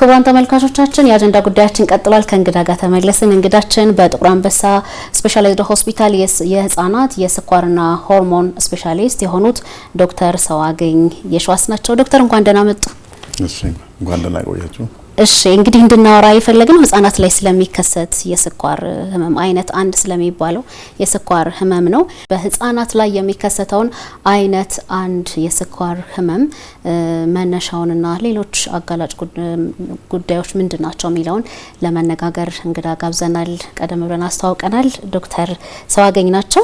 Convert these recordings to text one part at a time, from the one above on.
ክቡራን ተመልካቾቻችን የአጀንዳ ጉዳያችን ቀጥሏል። ከእንግዳ ጋር ተመለስን። እንግዳችን በጥቁር አንበሳ ስፔሻላይዝድ ሆስፒታል የህጻናት የስኳርና ሆርሞን ስፔሻሊስት የሆኑት ዶክተር ሰዋገኝ የሸዋስ ናቸው። ዶክተር እንኳን ደህና መጡ። እሺ እንኳን ደህና ቆያችሁ። እሺ እንግዲህ እንድናወራ የፈለግነው ህጻናት ላይ ስለሚከሰት የስኳር ህመም አይነት አንድ ስለሚባለው የስኳር ህመም ነው። በህጻናት ላይ የሚከሰተውን አይነት አንድ የስኳር ህመም መነሻውንና ሌሎች አጋላጭ ጉዳዮች ምንድን ናቸው የሚለውን ለመነጋገር እንግዳ ጋብዘናል። ቀደም ብለን አስተዋውቀናል። ዶክተር ሰዋገኝ ናቸው።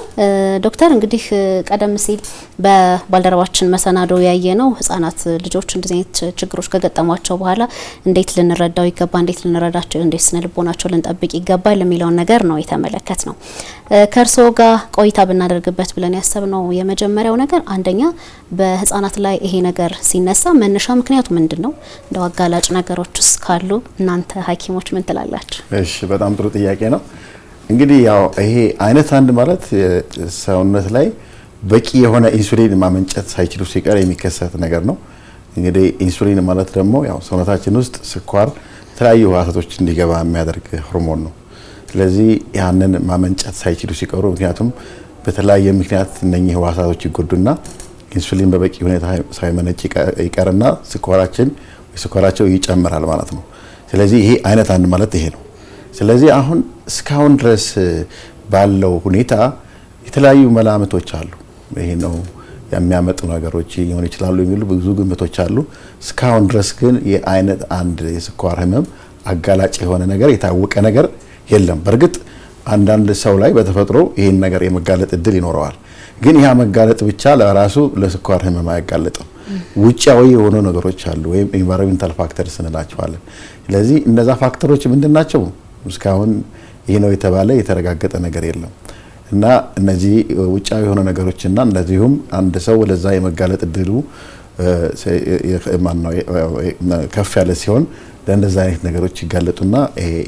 ዶክተር እንግዲህ ቀደም ሲል በባልደረባችን መሰናዶ ያየ ነው ህጻናት ልጆች እንደዚህ አይነት ችግሮች ከገጠሟቸው በኋላ እንዴት ልንረዳው ይገባ፣ እንዴት ልንረዳቸው፣ እንዴት ስነ ልቦናቸው ልንጠብቅ ይገባል የሚለውን ነገር ነው የተመለከት ነው። ከእርስዎ ጋር ቆይታ ብናደርግበት ብለን ያሰብነው የመጀመሪያው ነገር አንደኛ በህጻናት ላይ ይሄ ነገር ሲነሳ መነሻ ምክንያቱ ምንድን ነው? እንደው አጋላጭ ነገሮች ውስጥ ካሉ እናንተ ሐኪሞች ምን ትላላችሁ? እሺ፣ በጣም ጥሩ ጥያቄ ነው። እንግዲህ ያው ይሄ አይነት አንድ ማለት ሰውነት ላይ በቂ የሆነ ኢንሱሊን ማመንጨት ሳይችሉ ሲቀር የሚከሰት ነገር ነው። እንግዲህ ኢንሱሊን ማለት ደግሞ ያው ሰውነታችን ውስጥ ስኳር፣ የተለያዩ ህዋሳቶች እንዲገባ የሚያደርግ ሆርሞን ነው። ስለዚህ ያንን ማመንጨት ሳይችሉ ሲቀሩ ምክንያቱም በተለያየ ምክንያት እነኚህ ህዋሳቶች ይጎዱና ኢንሱሊን በበቂ ሁኔታ ሳይመነጭ ይቀርና ስኳራችን ስኳራቸው ይጨምራል ማለት ነው። ስለዚህ ይሄ አይነት አንድ ማለት ይሄ ነው። ስለዚህ አሁን እስካሁን ድረስ ባለው ሁኔታ የተለያዩ መላምቶች አሉ። ይሄ ነው የሚያመጡ ነገሮች ሊሆኑ ይችላሉ የሚሉ ብዙ ግምቶች አሉ። እስካሁን ድረስ ግን የአይነት አንድ የስኳር ህመም አጋላጭ የሆነ ነገር የታወቀ ነገር የለም። በእርግጥ አንዳንድ ሰው ላይ በተፈጥሮ ይህን ነገር የመጋለጥ እድል ይኖረዋል። ግን ያ መጋለጥ ብቻ ለራሱ ለስኳር ህመም አያጋለጥም። ውጫዊ የሆኑ ነገሮች አሉ፣ ወይም ኢንቫይሮንመንታል ፋክተርስ እንላቸዋለን። ስለዚህ እነዛ ፋክተሮች ምንድን ናቸው? እስካሁን ይህ ነው የተባለ የተረጋገጠ ነገር የለም። እና እነዚህ ውጫዊ የሆነ ነገሮችና እንደዚሁም አንድ ሰው ለዛ የመጋለጥ እድሉ ከፍ ያለ ሲሆን ለእንደዚ አይነት ነገሮች ይጋለጡና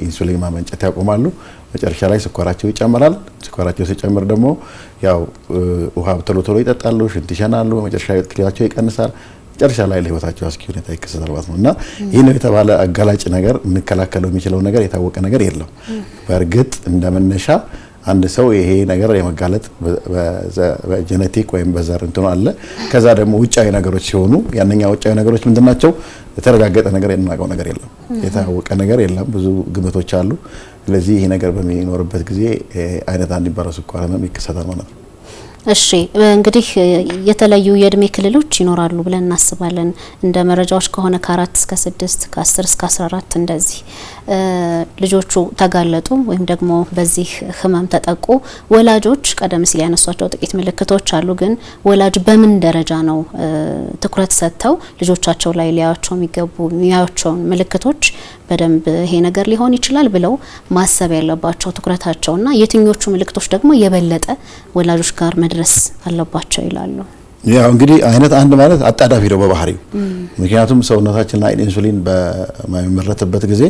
ኢንሱሊን ማመንጨት ያቆማሉ። መጨረሻ ላይ ስኳራቸው ይጨምራል። ስኳራቸው ሲጨምር ደግሞ ያው ውሃ ቶሎ ቶሎ ይጠጣሉ፣ ሽንት ይሸናሉ። መጨረሻ ክሊያቸው ይቀንሳል። መጨረሻ ላይ ለህይወታቸው አስኪ ሁኔታ ይከሰታል ማለት ነው እና ይህ ነው የተባለ አጋላጭ ነገር የምንከላከለው የሚችለው ነገር የታወቀ ነገር የለም። በእርግጥ እንደመነሻ አንድ ሰው ይሄ ነገር የመጋለጥ በጀኔቲክ ወይም በዘር እንትኑ አለ። ከዛ ደግሞ ውጫዊ ነገሮች ሲሆኑ ያነኛ ውጫዊ ነገሮች ምንድን ናቸው? የተረጋገጠ ነገር የምናውቀው ነገር የለም፣ የታወቀ ነገር የለም። ብዙ ግምቶች አሉ። ስለዚህ ይሄ ነገር በሚኖርበት ጊዜ አይነት አንድ የሚባለው ስኳር ህመም ይከሰታል ማለት ነው። እሺ እንግዲህ የተለያዩ የእድሜ ክልሎች ይኖራሉ ብለን እናስባለን። እንደ መረጃዎች ከሆነ ከአራት እስከ ስድስት ከአስር እስከ አስራ አራት እንደዚህ ልጆቹ ተጋለጡ ወይም ደግሞ በዚህ ህመም ተጠቁ ወላጆች ቀደም ሲል ያነሷቸው ጥቂት ምልክቶች አሉ። ግን ወላጅ በምን ደረጃ ነው ትኩረት ሰጥተው ልጆቻቸው ላይ ሊያቸው የሚገቡ የሚያቸውን ምልክቶች በደንብ ይሄ ነገር ሊሆን ይችላል ብለው ማሰብ ያለባቸው ትኩረታቸውና የትኞቹ ምልክቶች ደግሞ የበለጠ ወላጆች ጋር መድረስ አለባቸው ይላሉ። ያው እንግዲህ አይነት አንድ ማለት አጣዳፊ ነው በባህሪው። ምክንያቱም ሰውነታችን ላይ ኢንሱሊን በሚመረትበት ጊዜ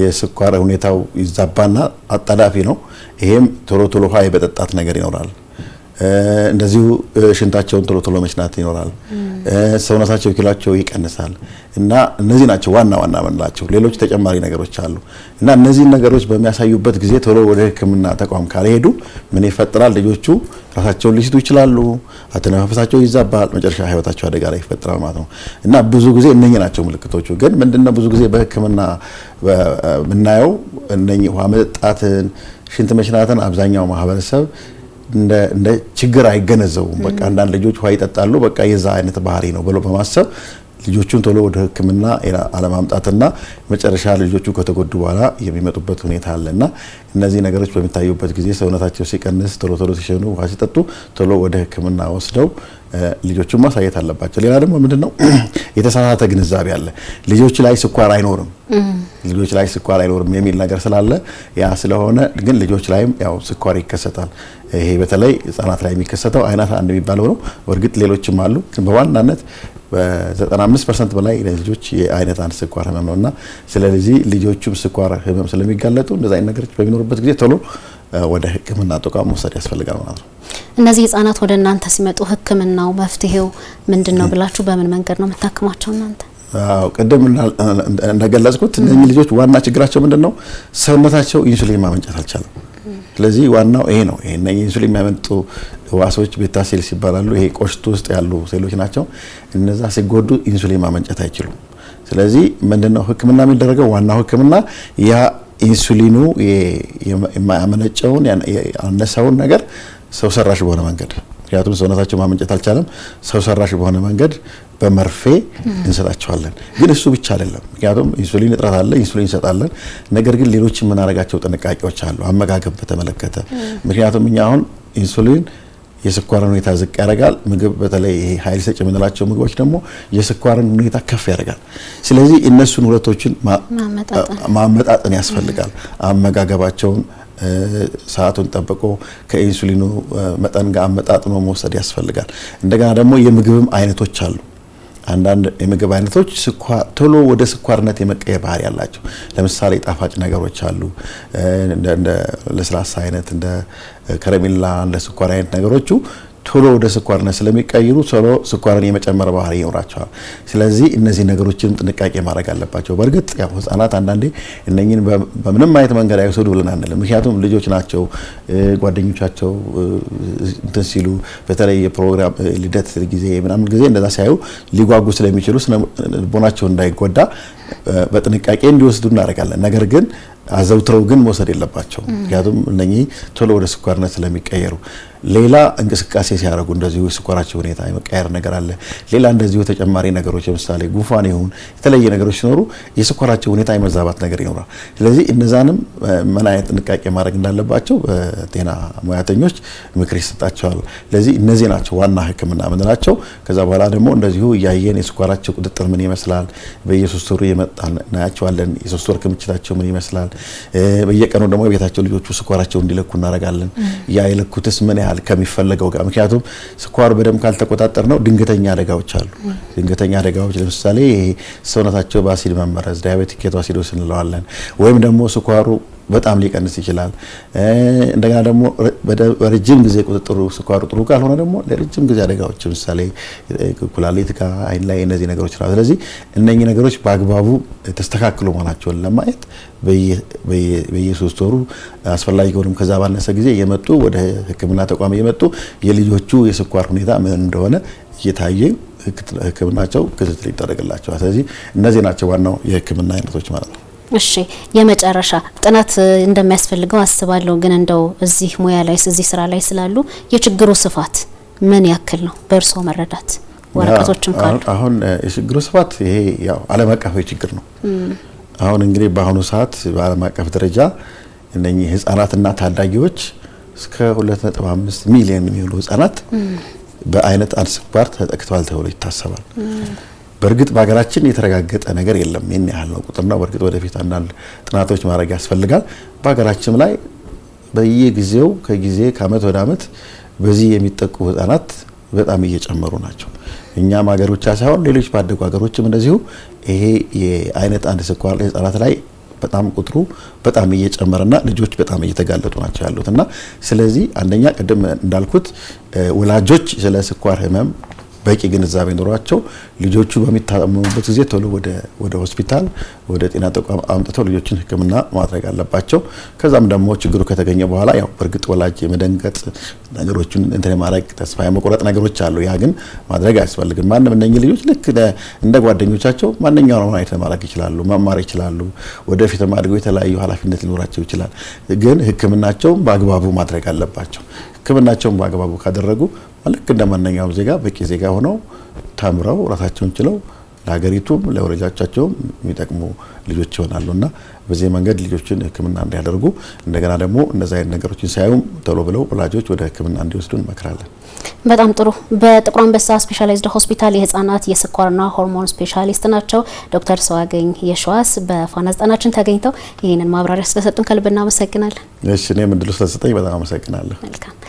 የስኳር ሁኔታው ይዛባና አጣዳፊ ነው። ይሄም ቶሎ ቶሎ ውሃ የመጠጣት ነገር ይኖራል። እንደዚሁ ሽንታቸውን ቶሎ ቶሎ መሽናት ይኖራል። ሰውነታቸው ኪሏቸው ይቀንሳል እና እነዚህ ናቸው ዋና ዋና ምንላቸው። ሌሎች ተጨማሪ ነገሮች አሉ እና እነዚህን ነገሮች በሚያሳዩበት ጊዜ ቶሎ ወደ ሕክምና ተቋም ካልሄዱ ምን ይፈጠራል? ልጆቹ ራሳቸውን ሊስቱ ይችላሉ። አተነፋፈሳቸው ይዛባል። መጨረሻ ህይወታቸው አደጋ ላይ ይፈጠራል ማለት ነው እና ብዙ ጊዜ እነኚህ ናቸው ምልክቶቹ። ግን ምንድነው ብዙ ጊዜ በሕክምና የምናየው እነኚህ ውሃ መጠጣትን፣ ሽንት መሽናትን አብዛኛው ማህበረሰብ እንደ ችግር አይገነዘቡም። በቃ አንዳንድ ልጆች ውሃ ይጠጣሉ፣ በቃ የዛ አይነት ባህሪ ነው ብሎ በማሰብ ልጆቹን ቶሎ ወደ ሕክምና አለማምጣትና መጨረሻ ልጆቹ ከተጎዱ በኋላ የሚመጡበት ሁኔታ አለና እነዚህ ነገሮች በሚታዩበት ጊዜ ሰውነታቸው ሲቀንስ፣ ቶሎ ቶሎ ሲሸኑ፣ ውሃ ሲጠጡ ቶሎ ወደ ሕክምና ወስደው ልጆቹን ማሳየት አለባቸው። ሌላ ደግሞ ምንድን ነው የተሳሳተ ግንዛቤ አለ። ልጆች ላይ ስኳር አይኖርም ልጆች ላይ ስኳር አይኖርም የሚል ነገር ስላለ ያ ስለሆነ ግን ልጆች ላይም ያው ስኳር ይከሰታል። ይሄ በተለይ ህጻናት ላይ የሚከሰተው አይናት አንድ የሚባለው ነው። እርግጥ ሌሎችም አሉ፣ ግን በዋናነት በ95 ፐርሰንት በላይ ለልጆች የአይነት አንድ ስኳር ህመም ነው እና ስለዚህ ልጆቹም ስኳር ህመም ስለሚጋለጡ እንደዚ አይነት ነገሮች በሚኖርበት ጊዜ ቶሎ ወደ ህክምና ተቋም መውሰድ ያስፈልጋል ማለት ነው። እነዚህ ህጻናት ወደ እናንተ ሲመጡ ህክምናው መፍትሄው ምንድን ነው ብላችሁ በምን መንገድ ነው የምታክሟቸው እናንተ? አዎ ቅድም እንደገለጽኩት እነዚህ ልጆች ዋና ችግራቸው ምንድን ነው? ሰውነታቸው ኢንሱሊን ማመንጨት አልቻለም። ስለዚህ ዋናው ይሄ ነው። ይሄ እነኚህ ኢንሱሊን የሚያመጡ ዋሶች ቤታ ሴልስ ይባላሉ። ይሄ ቆሽቱ ውስጥ ያሉ ሴሎች ናቸው። እነዛ ሲጎዱ ኢንሱሊን ማመንጨት አይችሉም። ስለዚህ ምንድነው ህክምና የሚደረገው? ዋናው ህክምና ያ ኢንሱሊኑ ያመነጨውን ያነሳውን ነገር ሰው ሰራሽ በሆነ መንገድ ምክንያቱም ሰውነታቸው ማመንጨት አልቻለም። ሰው ሰራሽ በሆነ መንገድ በመርፌ እንሰጣቸዋለን። ግን እሱ ብቻ አይደለም፣ ምክንያቱም ኢንሱሊን እጥረት አለ፣ ኢንሱሊን እንሰጣለን። ነገር ግን ሌሎች የምናደርጋቸው ጥንቃቄዎች አሉ፣ አመጋገብ በተመለከተ ምክንያቱም እኛ አሁን ኢንሱሊን የስኳርን ሁኔታ ዝቅ ያደርጋል። ምግብ በተለይ ይሄ ኃይል ሰጭ የምንላቸው ምግቦች ደግሞ የስኳርን ሁኔታ ከፍ ያደርጋል። ስለዚህ እነሱን ሁለቶችን ማመጣጠን ያስፈልጋል። አመጋገባቸውን ሰዓቱን ጠብቆ ከኢንሱሊኑ መጠን ጋር አመጣጥኖ መውሰድ ያስፈልጋል። እንደገና ደግሞ የምግብም አይነቶች አሉ። አንዳንድ የምግብ አይነቶች ቶሎ ወደ ስኳርነት የመቀየር ባህሪ ያላቸው ለምሳሌ ጣፋጭ ነገሮች አሉ። ለስላሳ አይነት እንደ ከረሜላ እንደ ስኳር አይነት ነገሮቹ ቶሎ ወደ ስኳርነት ስለሚቀይሩ ቶሎ ስኳርን የመጨመር ባህሪ ይኖራቸዋል። ስለዚህ እነዚህ ነገሮችን ጥንቃቄ ማድረግ አለባቸው። በእርግጥ ያው ህጻናት አንዳንዴ እነኝን በምንም አይነት መንገድ አይወሰዱ ብለን አንልም። ምክንያቱም ልጆች ናቸው። ጓደኞቻቸው እንትን ሲሉ በተለይ የፕሮግራም ልደት ጊዜ ምናምን ጊዜ እንደዛ ሲያዩ ሊጓጉ ስለሚችሉ ስነ ልቦናቸው እንዳይጎዳ በጥንቃቄ እንዲወስዱ እናደርጋለን። ነገር ግን አዘውትረው ግን መውሰድ የለባቸው። ምክንያቱም እነኚህ ቶሎ ወደ ስኳርነት ስለሚቀየሩ ሌላ እንቅስቃሴ ሲያደርጉ እንደዚሁ የስኳራቸው ሁኔታ የመቀየር ነገር አለ። ሌላ እንደዚሁ ተጨማሪ ነገሮች ለምሳሌ ጉንፋን ይሁን የተለየ ነገሮች ሲኖሩ የስኳራቸው ሁኔታ የመዛባት ነገር ይኖራል። ስለዚህ እነዛንም ምን አይነት ጥንቃቄ ማድረግ እንዳለባቸው በጤና ሙያተኞች ምክር ይሰጣቸዋል። ስለዚህ እነዚህ ናቸው ዋና ሕክምና ምንላቸው። ከዛ በኋላ ደግሞ እንደዚሁ እያየን የስኳራቸው ቁጥጥር ምን ይመስላል በየሶስት ወሩ እናያቸዋለን። የሶስት ወር ክምችታቸው ምን ይመስላል በየቀኑ ደግሞ የቤታቸው ልጆቹ ስኳራቸው እንዲለኩ እናደርጋለን። ያ የለኩትስ ምን ያህል ከሚፈለገው ጋር ምክንያቱም ስኳር በደንብ ካልተቆጣጠር ነው ድንገተኛ አደጋዎች አሉ። ድንገተኛ አደጋዎች ለምሳሌ ሰውነታቸው በአሲድ መመረዝ ዳያቤቲክ አሲዶስ እንለዋለን። ወይም ደግሞ ስኳሩ በጣም ሊቀንስ ይችላል። እንደገና ደግሞ በረጅም ጊዜ ቁጥጥሩ ስኳር ጥሩ ካልሆነ ደግሞ ለረጅም ጊዜ አደጋዎች ለምሳሌ ኩላሊት አይን ላይ እነዚህ ነገሮች ይችላል። ስለዚህ እነኚህ ነገሮች በአግባቡ ተስተካክሎ መሆናቸውን ለማየት በየሶስት ወሩ አስፈላጊ ከሆኑም ከዛ ባነሰ ጊዜ እየመጡ ወደ ሕክምና ተቋም እየመጡ የልጆቹ የስኳር ሁኔታ ምን እንደሆነ እየታየ ሕክምናቸው ክትትል ይደረግላቸዋል። ስለዚህ እነዚህ ናቸው ዋናው የሕክምና አይነቶች ማለት ነው። እሺ የመጨረሻ ጥናት እንደሚያስፈልገው አስባለሁ። ግን እንደው እዚህ ሙያ ላይ እዚህ ስራ ላይ ስላሉ የችግሩ ስፋት ምን ያክል ነው በርሶ መረዳት? ወረቀቶችም ካሉ አሁን የችግሩ ስፋት ይሄ ያው ዓለም አቀፋዊ ችግር ነው። አሁን እንግዲህ በአሁኑ ሰዓት በዓለም አቀፍ ደረጃ እነኚህ ህጻናትና ታዳጊዎች እስከ 2.5 ሚሊዮን የሚሆኑ ህጻናት በአይነት አንስባር ተጠቅተዋል ተብሎ ይታሰባል። በእርግጥ በሀገራችን የተረጋገጠ ነገር የለም። ይህን ያህል ነው ቁጥር ነው። በእርግጥ ወደፊት አንዳንድ ጥናቶች ማድረግ ያስፈልጋል። በሀገራችን ላይ በየጊዜው ከጊዜ ከአመት ወደ አመት በዚህ የሚጠቁ ህጻናት በጣም እየጨመሩ ናቸው። እኛም ሀገር ብቻ ሳይሆን ሌሎች ባደጉ ሀገሮችም እንደዚሁ ይሄ የአይነት አንድ ስኳር ህጻናት ላይ በጣም ቁጥሩ በጣም እየጨመረና ልጆች በጣም እየተጋለጡ ናቸው ያሉት እና ስለዚህ አንደኛ ቅድም እንዳልኩት ወላጆች ስለ ስኳር ህመም በቂ ግንዛቤ ኖሯቸው ልጆቹ በሚታመሙበት ጊዜ ቶሎ ወደ ሆስፒታል ወደ ጤና ተቋም አምጥተው ልጆችን ሕክምና ማድረግ አለባቸው። ከዛም ደግሞ ችግሩ ከተገኘ በኋላ ያው በእርግጥ ወላጅ የመደንገጥ ነገሮችን እንትን የማድረግ ተስፋ የመቁረጥ ነገሮች አሉ። ያ ግን ማድረግ አያስፈልግም። ማንም እነኚህ ልጆች ልክ እንደ ጓደኞቻቸው ማንኛውንም አይነት ማድረግ ይችላሉ፣ መማር ይችላሉ። ወደፊት አድገው የተለያዩ ኃላፊነት ሊኖራቸው ይችላል። ግን ሕክምናቸውን በአግባቡ ማድረግ አለባቸው። ሕክምናቸውን በአግባቡ ካደረጉ ልክ እንደ ማንኛውም ዜጋ በቂ ዜጋ ሆነው ተምረው ራሳቸውን ችለው ለሀገሪቱም ለወረጃቻቸውም የሚጠቅሙ ልጆች ይሆናሉ እና በዚህ መንገድ ልጆችን ሕክምና እንዲያደርጉ እንደገና ደግሞ እነዚ አይነት ነገሮችን ሳያዩም ቶሎ ብለው ወላጆች ወደ ሕክምና እንዲወስዱ እንመክራለን። በጣም ጥሩ። በጥቁር አንበሳ ስፔሻላይዝድ ሆስፒታል የህጻናት የስኳርና ሆርሞን ስፔሻሊስት ናቸው ዶክተር ሰዋገኝ የሸዋስ በፋና ዘጠናችን ተገኝተው ይህንን ማብራሪያ ስለሰጡን ከልብ እናመሰግናለን። እሺ እኔም እድሉ በጣም አመሰግናለሁ። መልካም